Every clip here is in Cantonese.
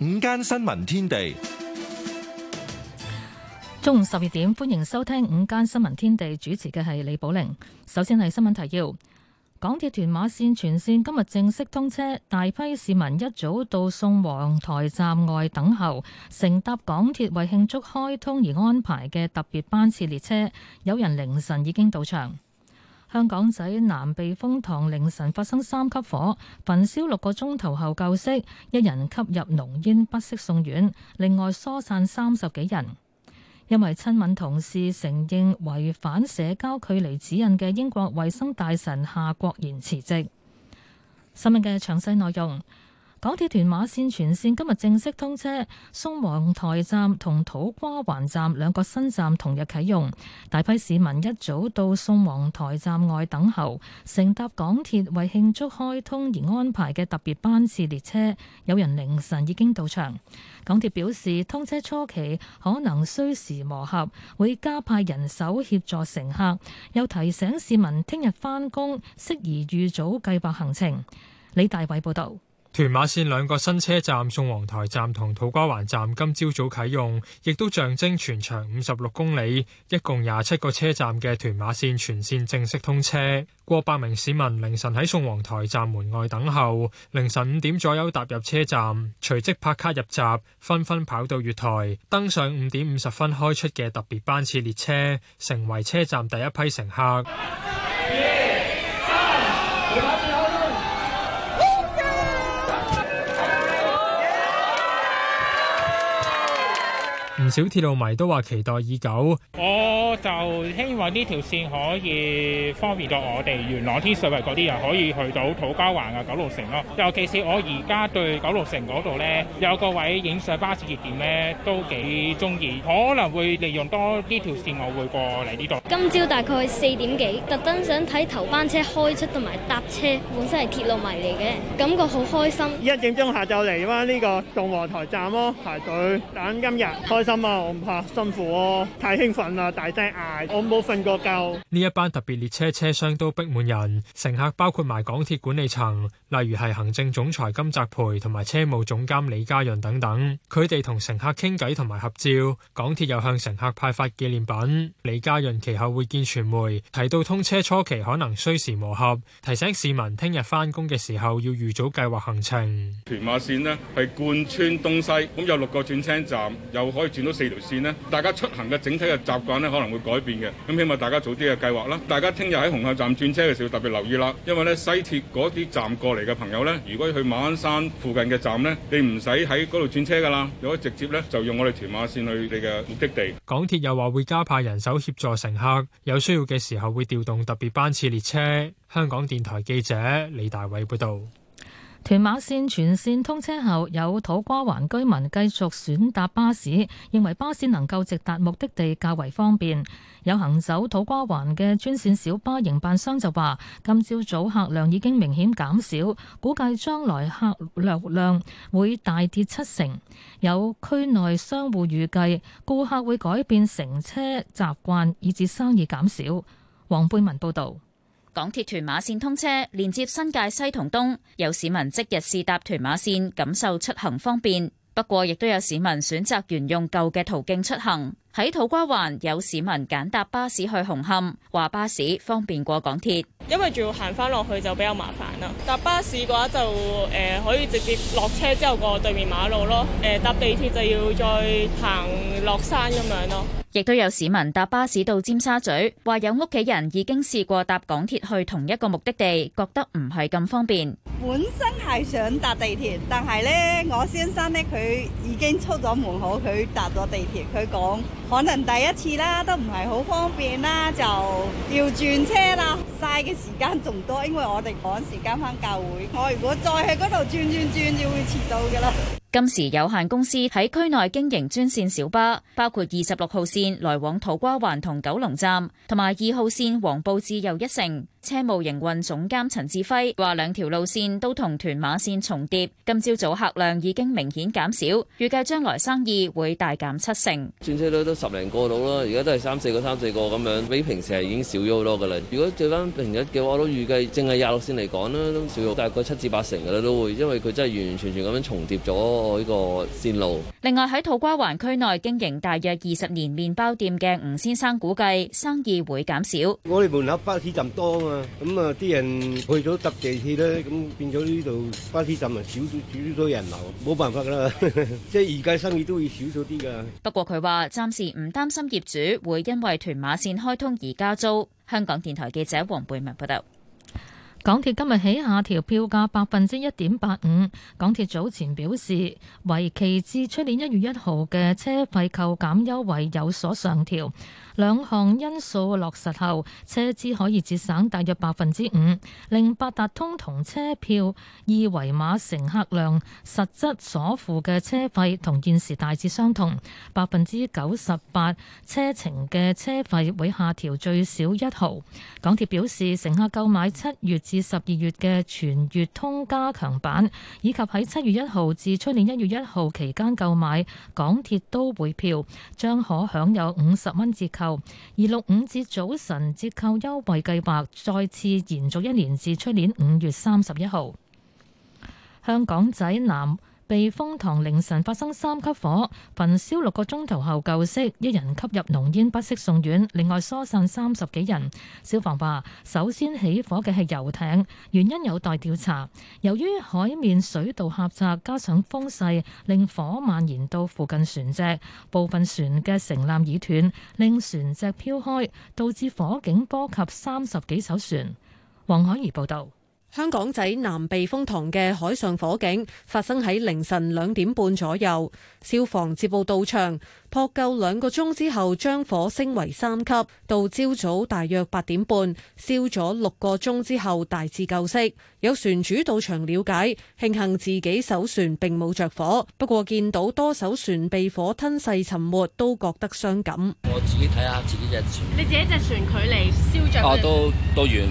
午間新聞天地，中午十二點，歡迎收聽午間新聞天地，主持嘅係李寶玲。首先係新聞提要：港鐵屯馬綫全綫今日正式通車，大批市民一早到宋皇台站外等候，乘搭港鐵為慶祝開通而安排嘅特別班次列車，有人凌晨已經到場。香港仔南避風塘凌晨發生三級火，焚燒六個鐘頭後救熄，一人吸入濃煙不適送院，另外疏散三十幾人。因為親吻同事承認違反社交距離指引嘅英國衛生大臣夏國賢辭職，新聞嘅詳細內容。港鐵屯馬線全線今日正式通車，宋皇臺站同土瓜灣站兩個新站同日啟用。大批市民一早到宋皇臺站外等候，乘搭港鐵為慶祝開通而安排嘅特別班次列車。有人凌晨已經到場。港鐵表示，通車初期可能需時磨合，會加派人手協助乘客，又提醒市民聽日返工適宜預早計劃行程。李大偉報導。屯馬線兩個新車站——宋皇臺站同土瓜灣站，今朝早啟用，亦都象徵全長五十六公里、一共廿七個車站嘅屯馬線全線正式通車。過百名市民凌晨喺宋皇臺站門外等候，凌晨五點左右踏入車站，隨即拍卡入閘，紛紛跑到月台登上五點五十分開出嘅特別班次列車，成為車站第一批乘客。唔少鐵路迷都話期待已久。我就希望呢條線可以方便到我哋元朗天水圍嗰啲人可以去到土瓜灣啊、九龍城咯。尤其是我而家對九龍城嗰度呢有個位影相巴士熱點呢都幾中意，可能會利用多呢條線，我會過嚟呢度。今朝大概四點幾，特登想睇頭班車開出同埋搭車。本身係鐵路迷嚟嘅，感覺好開心。一點鐘下晝嚟啦，呢個宋皇臺站咯，排隊等今日，開心啊！我唔怕辛苦喎，太興奮啦，大聲。我冇瞓過覺。呢一班特別列車車廂都逼滿人，乘客包括埋港鐵管理層，例如係行政總裁金澤培同埋車務總監李家潤等等。佢哋同乘客傾偈同埋合照，港鐵又向乘客派發紀念品。李家潤其後會見傳媒，提到通車初期可能需時磨合，提醒市民聽日返工嘅時候要預早計劃行程。屯馬綫呢係貫穿東西，咁有六個轉車站，又可以轉到四條綫呢，大家出行嘅整體嘅習慣呢可能會改變嘅，咁希望大家早啲嘅計劃啦。大家聽日喺紅磡站轉車嘅時候特別留意啦，因為咧西鐵嗰啲站過嚟嘅朋友咧，如果去馬鞍山附近嘅站咧，你唔使喺嗰度轉車㗎喇，如果直接咧就用我哋屯馬綫去你嘅目的地。港鐵又話會加派人手協助乘客，有需要嘅時候會調動特別班次列車。香港電台記者李大偉報道。屯馬線全線通車後，有土瓜灣居民繼續選搭巴士，認為巴士能夠直達目的地較為方便。有行走土瓜灣嘅專線小巴營辦商就話：今朝早，早客量已經明顯減少，估計將來客流量會大跌七成。有區內商戶預計顧客會改變乘車習慣，以致生意減少。黃貝文報導。港鐵屯馬線通車，連接新界西同東，有市民即日試搭屯馬線，感受出行方便。不過，亦都有市民選擇沿用舊嘅途徑出行。喺土瓜灣有市民揀搭巴士去紅磡，話巴士方便過港鐵，因為仲要行翻落去就比較麻煩啦。搭巴士嘅話就誒、呃、可以直接落車之後過對面馬路咯，誒、呃、搭地鐵就要再行落山咁樣咯。亦都有市民搭巴士到尖沙咀，話有屋企人已經試過搭港鐵去同一個目的地，覺得唔係咁方便。本身係想搭地鐵，但係咧，我先生呢，佢已經出咗門口，佢搭咗地鐵。佢講可能第一次啦，都唔係好方便啦，就要轉車啦，嘥嘅時間仲多。因為我哋趕時間返教會，我如果再去嗰度轉轉轉轉，就會遲到噶啦。今時有限公司喺區內經營專線小巴，包括二十六號線來往土瓜灣同九龍站，同埋二號線黃埔至又一城。車務營運總監陳志輝話：兩條路線都同屯馬線重疊，今朝早客量已經明顯減少，預計將來生意會大減七成。轉車都都十零個到啦，而家都係三四個、三四個咁樣，比平時係已經少咗好多噶啦。如果對翻平日嘅話，我都預計淨係廿六線嚟講啦，都少咗大概七至八成噶啦，都會因為佢真係完完全全咁樣重疊咗呢個線路。另外喺土瓜灣區內經營大約二十年麵包店嘅吳先生估計生意會減少。我哋門口翻起咁多啊！咁啊！啲、嗯、人去咗搭地鐵咧，咁變咗呢度巴士站咪少少少咗人流，冇辦法噶啦，即係而家生意都會少咗啲噶。不過佢話暫時唔擔心業主會因為屯馬線開通而加租。香港電台記者黃貝文報道。港鐵今日起下調票價百分之一點八五。港鐵早前表示，為期至出年一月一號嘅車費扣減優惠有所上調，兩項因素落實後，車資可以節省大約百分之五，令八達通同車票二維碼乘客量實質所付嘅車費同現時大致相同。百分之九十八車程嘅車費會下調最少一毫。港鐵表示，乘客購買七月至十二月嘅全月通加強版，以及喺七月一號至出年一月一號期間購買港鐵都會票，將可享有五十蚊折扣。而六五至早晨折扣優惠計劃再次延續一年，至年，至出年五月三十一號。香港仔南。被封堂凌晨發生三級火，焚燒六個鐘頭後救熄，一人吸入濃煙不適送院，另外疏散三十幾人。消防話首先起火嘅係遊艇，原因有待調查。由於海面水道狹窄，加上風勢令火蔓延到附近船隻，部分船嘅承纜已斷，令船隻飄開，導致火警波及三十幾艘船。黃海怡報道。香港仔南避風塘嘅海上火警發生喺凌晨兩點半左右，消防接報到場，撲救兩個鐘之後將火升為三級，到朝早大約八點半，燒咗六個鐘之後大致救熄。有船主到場了解，慶幸自己艘船並冇着火，不過見到多艘船被火吞噬沉沒，都覺得傷感。我自己睇下自己隻船，你自己隻船距離燒着，啊，都都遠。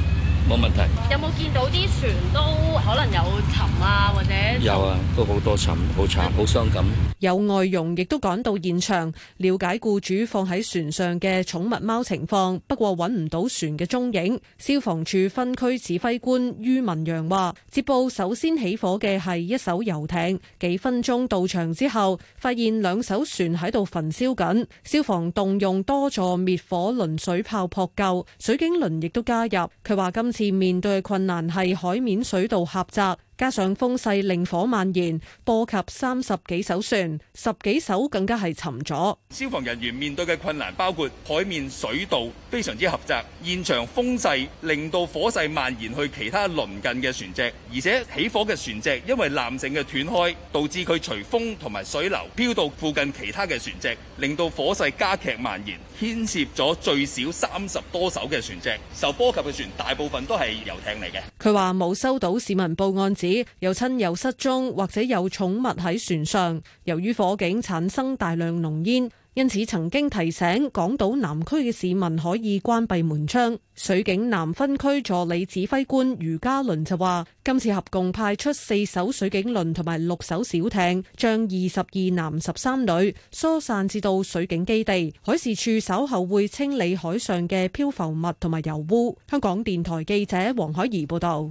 冇問題。有冇見到啲船都可能有沉啊，或者有啊，都好多沉，好慘，好傷感。有外佣亦都趕到現場，了解雇主放喺船上嘅寵物貓情況，不過揾唔到船嘅蹤影。消防處分區指揮官於文揚話，接報首先起火嘅係一艘遊艇，幾分鐘到場之後，發現兩艘船喺度焚燒緊。消防動用多座滅火輪水炮撲救，水警輪亦都加入。佢話今次面對困難，係海面水道狹窄。加上風勢令火蔓延，波及三十幾艘船，十幾艘更加係沉咗。消防人員面對嘅困難包括海面水道非常之狹窄，現場風勢令到火勢蔓延去其他鄰近嘅船隻，而且起火嘅船隻因為纜繩嘅斷開，導致佢隨風同埋水流飄到附近其他嘅船隻，令到火勢加劇蔓延，牽涉咗最少三十多艘嘅船隻。受波及嘅船大部分都係遊艇嚟嘅。佢話冇收到市民報案指有親友失蹤，或者有寵物喺船上。由於火警產生大量濃煙，因此曾經提醒港島南區嘅市民可以關閉門窗。水警南分區助理指揮官余嘉倫就話，今次合共派出四艘水警輪同埋六艘小艇，將二十二男十三女疏散至到水警基地。海事處稍後會清理海上嘅漂浮物同埋油污。香港電台記者黃海怡報道。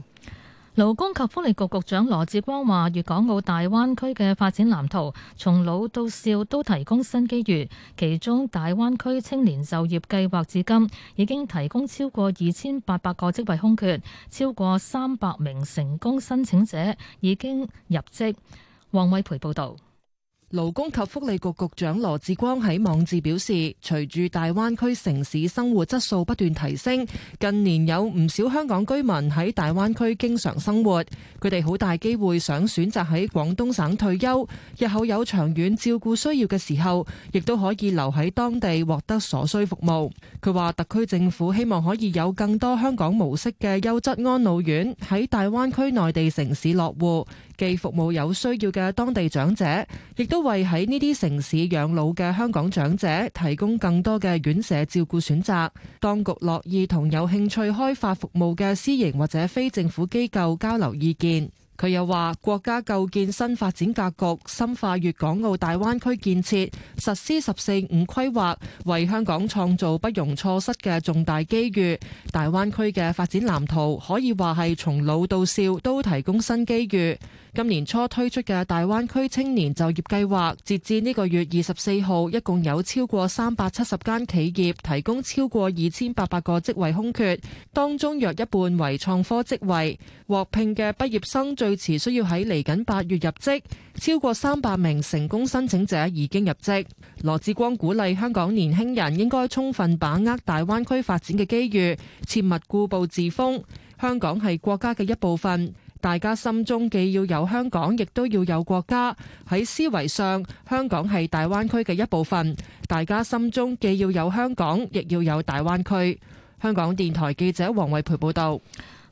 勞工及福利局局長羅志光話，粵港澳大灣區嘅發展藍圖，從老到少都提供新機遇。其中，大灣區青年就業計劃至今已經提供超過二千八百個職位空缺，超過三百名成功申請者已經入職。王偉培報道。勞工及福利局局長羅致光喺網誌表示，隨住大灣區城市生活質素不斷提升，近年有唔少香港居民喺大灣區經常生活，佢哋好大機會想選擇喺廣東省退休，日後有長遠照顧需要嘅時候，亦都可以留喺當地獲得所需服務。佢話，特區政府希望可以有更多香港模式嘅優質安老院喺大灣區內地城市落戶。既服務有需要嘅當地長者，亦都為喺呢啲城市養老嘅香港長者提供更多嘅院舍照顧選擇。當局樂意同有興趣開發服務嘅私營或者非政府機構交流意見。佢又話：國家構建新發展格局，深化粵港澳大灣區建設，實施十四五規劃，為香港創造不容錯失嘅重大機遇。大灣區嘅發展藍圖可以話係從老到少都提供新機遇。今年初推出嘅大灣區青年就業計劃，截至呢個月二十四號，一共有超過三百七十間企業提供超過二千八百個職位空缺，當中約一半為創科職位。獲聘嘅畢業生最會遲需要喺嚟緊八月入職，超過三百名成功申請者已經入職。羅智光鼓勵香港年輕人應該充分把握大灣區發展嘅機遇，切勿固步自封。香港係國家嘅一部分，大家心中既要有香港，亦都要有國家。喺思維上，香港係大灣區嘅一部分，大家心中既要有香港，亦要有大灣區。香港電台記者黃慧培報道。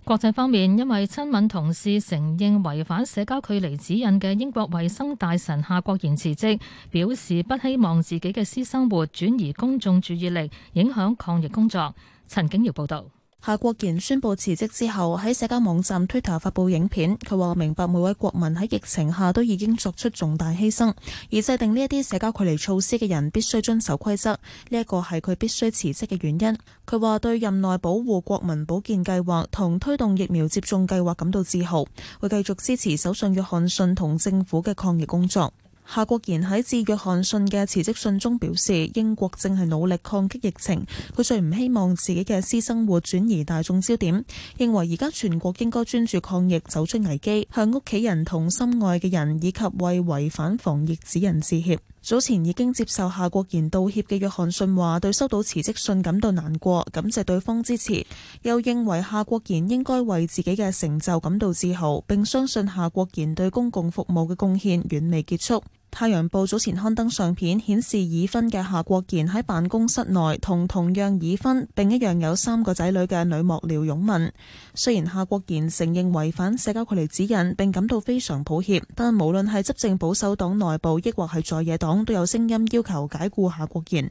國際方面，因為親吻同事承認違反社交距離指引嘅英國衛生大臣夏國賢辭職，表示不希望自己嘅私生活轉移公眾注意力，影響抗疫工作。陳景堯報道。夏國賢宣布辭職之後，喺社交網站 Twitter 發布影片，佢話明白每位國民喺疫情下都已經作出重大犧牲，而制定呢一啲社交距離措施嘅人必須遵守規則，呢一個係佢必須辭職嘅原因。佢話對任內保護國民保健計劃同推動疫苗接種計劃感到自豪，會繼續支持首相約翰遜同政府嘅抗疫工作。夏國賢喺致約翰遜嘅辭職信中表示，英國正係努力抗擊疫情。佢最唔希望自己嘅私生活轉移大眾焦點，認為而家全國應該專注抗疫，走出危機，向屋企人同心愛嘅人以及為違反防疫指引致歉。早前已經接受夏國賢道歉嘅約翰遜話，對收到辭職信感到難過，感謝對方支持，又認為夏國賢應該為自己嘅成就感到自豪，並相信夏國賢對公共服務嘅貢獻遠未結束。太陽報早前刊登相片，顯示已婚嘅夏國賢喺辦公室內同同樣已婚並一樣有三個仔女嘅女莫廖勇文。雖然夏國賢承認違反社交距離指引，並感到非常抱歉，但無論係執政保守黨內部，抑或係在野黨，都有聲音要求解雇夏國賢。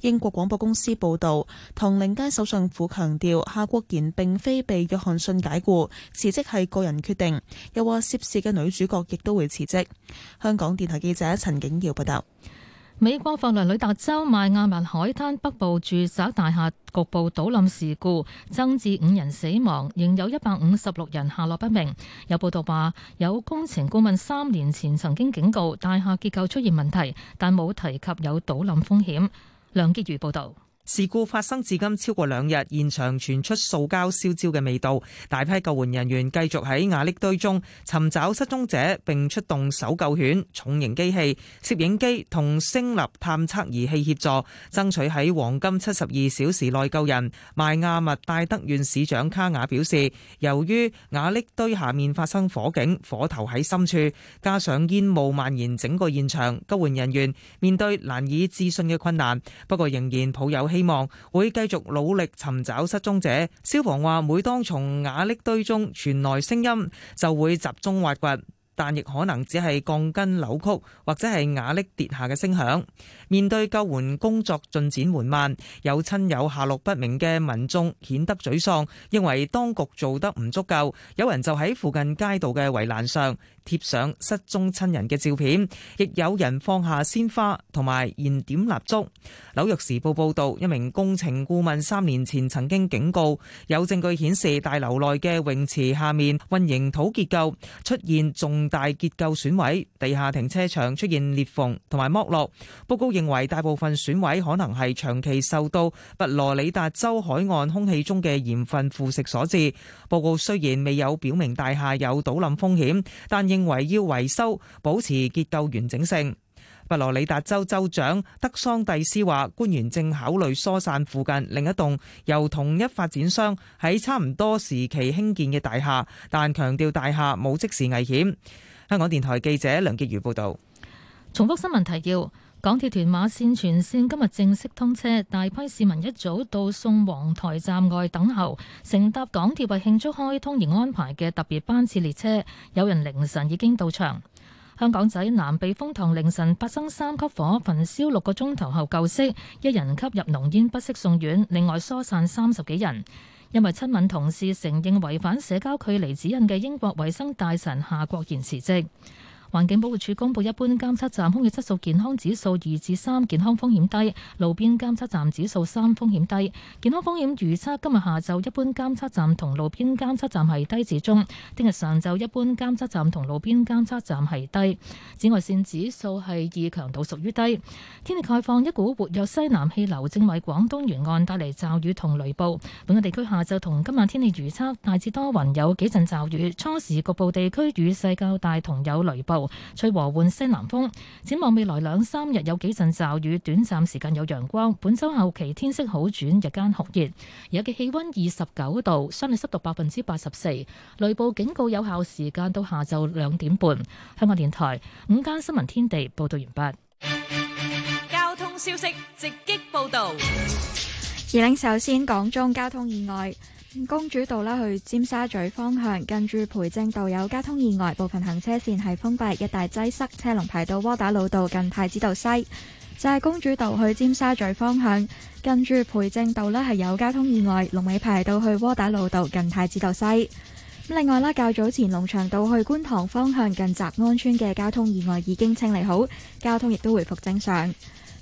英國廣播公司報道，唐寧街首相府強調，夏國賢並非被約翰遜解僱，辭職係個人決定。又話涉事嘅女主角亦都會辭職。香港電台記者陳景耀報道，美國佛羅里達州邁阿密海灘北部住宅大廈局部倒冧事故，增至五人死亡，仍有一百五十六人下落不明。有報道話，有工程顧問三年前曾經警告大廈結構出現問題，但冇提及有倒冧風險。梁潔如報道。事故發生至今超過兩日，現場傳出塑膠燒焦嘅味道，大批救援人員繼續喺瓦礫堆中尋找失蹤者，並出動搜救犬、重型機器、攝影機同聲納探測儀器協助，爭取喺黃金七十二小時內救人。邁亞密戴德縣市長卡雅表示，由於瓦礫堆下面發生火警，火頭喺深處，加上煙霧蔓延整個現場，救援人員面對難以置信嘅困難，不過仍然抱有希望會繼續努力尋找失蹤者。消防話，每當從瓦礫堆中傳來聲音，就會集中挖掘，但亦可能只係鋼筋扭曲，或者係瓦礫跌下嘅聲響。面對救援工作進展緩慢，有親友下落不明嘅民眾，顯得沮喪，認為當局做得唔足夠。有人就喺附近街道嘅圍欄上。貼上失蹤親人嘅照片，亦有人放下鮮花同埋燃點蠟燭。紐約時報報導，一名工程顧問三年前曾經警告，有證據顯示大樓內嘅泳池下面混凝土結構出現重大結構損毀，地下停車場出現裂縫同埋剝落。報告認為大部分損毀可能係長期受到佛羅里達州海岸空氣中嘅鹽分腐蝕所致。報告雖然未有表明大廈有倒冧風險，但認認為要維修，保持結構完整性。佛羅里達州州長德桑蒂斯話，官員正考慮疏散附近另一棟由同一發展商喺差唔多時期興建嘅大廈，但強調大廈冇即時危險。香港電台記者梁潔如報道。重複新聞提要。港鐵屯馬線全線今日正式通車，大批市民一早到頌皇台站外等候，乘搭港鐵為慶祝開通而安排嘅特別班次列車。有人凌晨已經到場。香港仔南庇風塘凌晨發生三級火，焚燒六個鐘頭後救熄，一人吸入濃煙不識送院，另外疏散三十幾人。因為親吻同事承認違反社交距離指引嘅英國衛生大臣夏國賢辭職。環境保護署公布一般監測站空氣質素健康指數二至三，健康風險低；路邊監測站指數三，風險低。健康風險預測今日下晝一般監測站同路邊監測站係低至中，聽日上晝一般監測站同路邊監測站係低。紫外線指數係二強度，屬於低。天氣概況：一股活躍西南氣流正為廣東沿岸帶嚟驟雨同雷暴。本港地區下晝同今晚天，天氣預測大致多雲，有幾陣驟雨，初時局部地區雨勢較大，同有雷暴。吹和緩西南風，展望未來兩三日有幾陣驟雨，短暫時間有陽光。本周後期天色好轉，日間酷熱。而家嘅氣温二十九度，相對濕度百分之八十四。雷暴警告有效時間到下晝兩點半。香港電台午間新聞天地報道完畢。交通消息直擊報道。而領首先港中交通意外。公主道啦，去尖沙咀方向，近住培正道有交通意外，部分行車線係封閉，一帶擠塞，車龍排到窩打老道近太子道西。就係公主道去尖沙咀方向，近住培正道咧係有交通意外，龍尾排到去窩打老道近太子道西。咁、就是、另外啦，較早前龍翔道去觀塘方向近澤安村嘅交通意外已經清理好，交通亦都回復正常。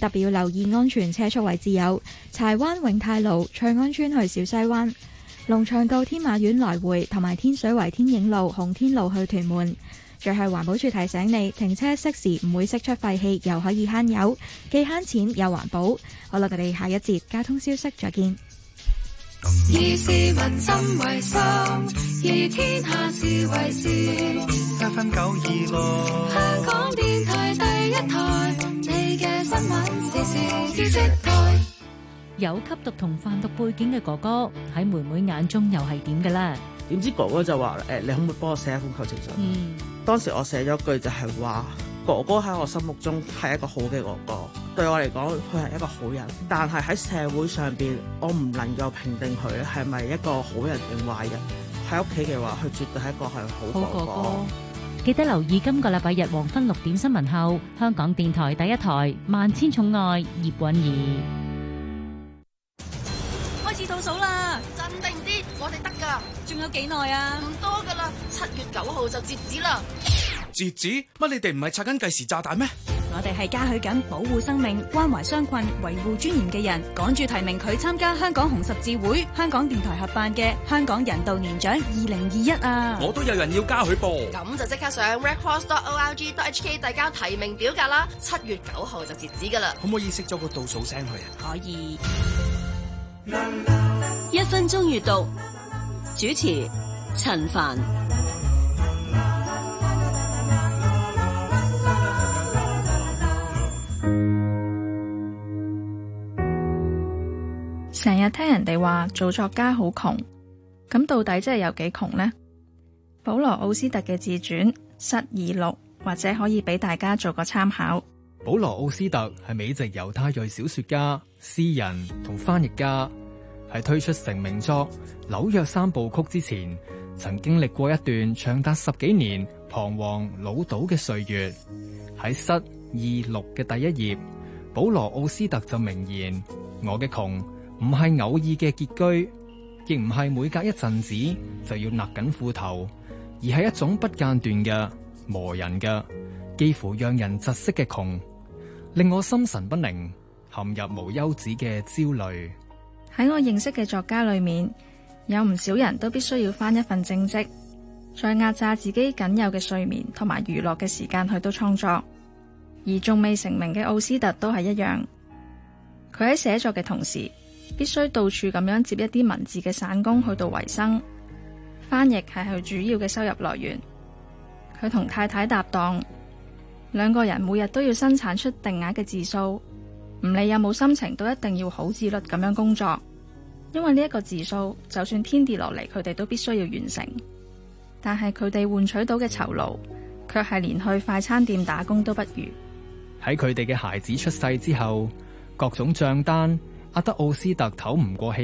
特別要留意安全車速位置有柴灣永泰路翠安村去小西灣，龍翔道天馬苑來回同埋天水圍天影路紅天路去屯門。最後環保署提醒你，停車熄匙唔會釋出廢氣，又可以慳油，既慳錢又環保。好啦，我哋下一節交通消息再見。以市民心為心，以天下事為事，香港電台第一台。新聞有吸毒同販毒背景嘅哥哥喺妹妹眼中又係點嘅啦？點、嗯、 知哥哥就話：誒、欸，你可唔可以幫我寫一封求情信？嗯，當時我寫咗一句就係話：哥哥喺我心目中係一個好嘅哥哥，對我嚟講，佢係一個好人。但係喺社會上邊，我唔能夠評定佢係咪一個好人定壞人。喺屋企嘅話，佢絕對係一個係好哥哥。記得留意今個禮拜日黃昏六點新聞後，香港電台第一台《萬千寵愛葉蘊儀》開始倒數啦！鎮定啲，我哋得噶，仲有幾耐啊？唔多噶啦，七月九號就截止啦！截止乜？你哋唔係拆緊計時炸彈咩？我哋係嘉許緊保護生命、關懷傷困、維護尊嚴嘅人，趕住提名佢參加香港紅十字會、香港電台合辦嘅香港人道年獎二零二一啊！我都有人要嘉許噃，咁就即刻上 redcross.org.hk 遞交提名表格啦，七月九號就截止噶啦。可唔可以熄咗個倒數聲佢啊？可以。一分鐘閱讀，主持陳凡。成日聽人哋話做作家好窮，咁到底真係有幾窮呢？保羅·奧斯特嘅自傳《失意錄》，或者可以俾大家做個參考。保羅·奧斯特係美籍猶太裔小說家、詩人同翻譯家，喺推出成名作《紐約三部曲》之前，曾經歷過一段長達十幾年彷徨潦倒嘅歲月。喺《失意錄》嘅第一頁，保羅·奧斯特就明言：我嘅窮。唔係偶爾嘅拮據，亦唔係每隔一陣子就要勒緊褲頭，而係一種不間斷嘅磨人嘅，幾乎讓人窒息嘅窮，令我心神不寧，陷入無休止嘅焦慮。喺我認識嘅作家裏面，有唔少人都必須要返一份正職，再壓榨自己僅有嘅睡眠同埋娛樂嘅時間去到創作，而仲未成名嘅奧斯特都係一樣。佢喺寫作嘅同時。必須到處咁樣接一啲文字嘅散工去度維生，翻譯係佢主要嘅收入來源。佢同太太搭檔，兩個人每日都要生產出定額嘅字數，唔理有冇心情都一定要好自律咁樣工作，因為呢一個字數就算天跌落嚟，佢哋都必須要完成。但係佢哋換取到嘅酬勞，卻係連去快餐店打工都不如。喺佢哋嘅孩子出世之後，各種賬單。阿德奧斯特唞唔過氣。